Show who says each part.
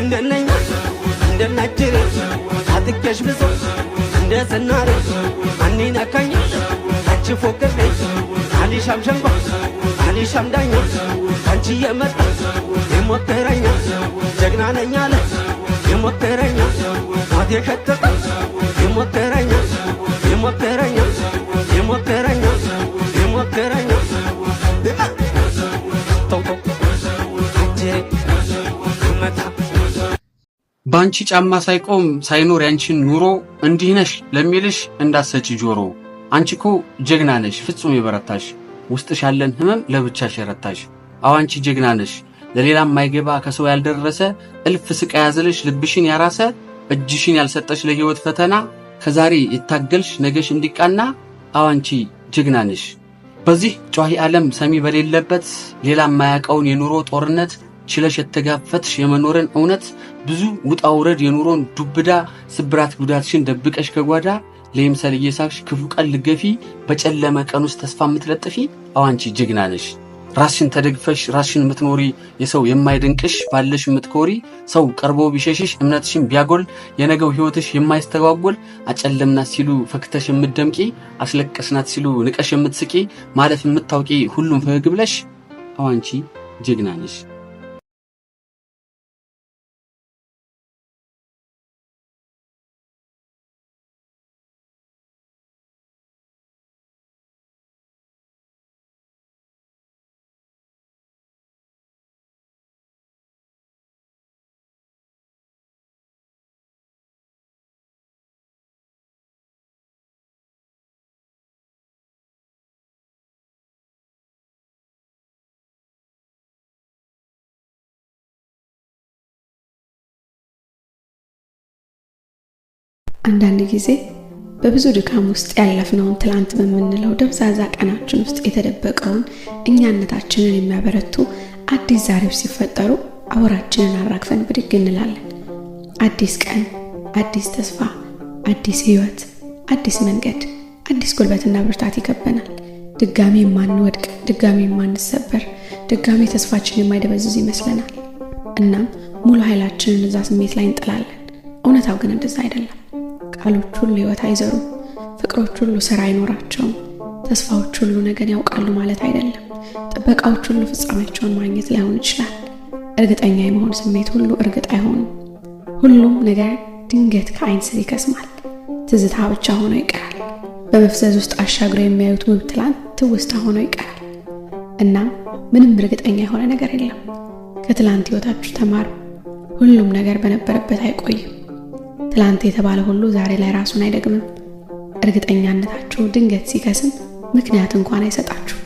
Speaker 1: ክንደነኝ እንደ ነድር አጥቄሽ ብዙ እንደ ዝናር አኒነካኝ አንቺ ፎቅሬ አሊሻም ሸንጓ አሊሻም ዳኛ አንቺ የመጣ የሞከረኛ ጀግናነኛለ የሞከረኛ ማት የከተጠ
Speaker 2: በአንቺ ጫማ ሳይቆም ሳይኖር ያንቺን ኑሮ እንዲህ ነሽ ለሚልሽ እንዳትሰጪ ጆሮ። አንቺ እኮ ጀግና ነሽ ፍጹም የበረታሽ፣ ውስጥሽ ያለን ህመም ለብቻሽ የረታሽ። አዎ አንቺ ጀግና ነሽ ለሌላም ማይገባ ከሰው ያልደረሰ እልፍ ስቃ ያዘለሽ ልብሽን ያራሰ እጅሽን ያልሰጠሽ ለህይወት ፈተና ከዛሬ የታገልሽ ነገሽ እንዲቃና። አዎ አንቺ ጀግና ነሽ በዚህ ጨዋሂ ዓለም ሰሚ በሌለበት ሌላም ማያውቀውን የኑሮ ጦርነት ችለሽ የተጋፈትሽ የመኖረን እውነት ብዙ ውጣ ውረድ የኑሮን ዱብዳ ስብራት ጉዳትሽን ደብቀሽ ከጓዳ ለይምሰል እየሳቅሽ ክፉ ቀን ልገፊ በጨለመ ቀን ውስጥ ተስፋ የምትለጥፊ አዋንቺ ጀግና ነሽ። ራስሽን ተደግፈሽ ራስሽን የምትኖሪ የሰው የማይደንቅሽ ባለሽ የምትኮሪ ሰው ቀርቦ ቢሸሽሽ እምነትሽን ቢያጎል የነገው ሕይወትሽ የማይስተጓጎል አጨለምናት ሲሉ ፈክተሽ የምትደምቂ አስለቀስናት ሲሉ ንቀሽ የምትስቂ ማለፍ የምታውቂ ሁሉም ፈገግ ብለሽ አዋንቺ ጀግና ነሽ።
Speaker 3: አንዳንድ ጊዜ በብዙ ድካም ውስጥ ያለፍነውን ትላንት በምንለው ደብዛዛ ቀናችን ውስጥ የተደበቀውን እኛነታችንን የሚያበረቱ አዲስ ዛሬዎች ሲፈጠሩ አውራችንን አራግፈን ብድግ እንላለን። አዲስ ቀን፣ አዲስ ተስፋ፣ አዲስ ህይወት፣ አዲስ መንገድ፣ አዲስ ጉልበትና ብርታት ይከበናል። ድጋሚ የማንወድቅ፣ ድጋሚ የማንሰበር፣ ድጋሚ ተስፋችን የማይደበዝዝ ይመስለናል። እናም ሙሉ ኃይላችንን እዛ ስሜት ላይ እንጥላለን። እውነታው ግን እንደዛ አይደለም። ቃሎች ሁሉ ህይወት አይዘሩም። ፍቅሮች ሁሉ ስራ አይኖራቸውም። ተስፋዎች ሁሉ ነገን ያውቃሉ ማለት አይደለም። ጥበቃዎች ሁሉ ፍጻሜያቸውን ማግኘት ላይሆን ይችላል። እርግጠኛ የመሆን ስሜት ሁሉ እርግጥ አይሆንም። ሁሉም ነገር ድንገት ከአይን ስር ይከስማል። ትዝታ ብቻ ሆኖ ይቀራል። በመፍዘዝ ውስጥ አሻግሮ የሚያዩት ውብ ትላንት ትውስታ ሆኖ ይቀራል። እና ምንም እርግጠኛ የሆነ ነገር የለም። ከትላንት ህይወታችሁ ተማሩ። ሁሉም ነገር በነበረበት አይቆይም። ለአንተ የተባለ ሁሉ ዛሬ ላይ ራሱን አይደግምም። እርግጠኛነታችሁ ድንገት ሲከስም ምክንያት እንኳን አይሰጣችሁ።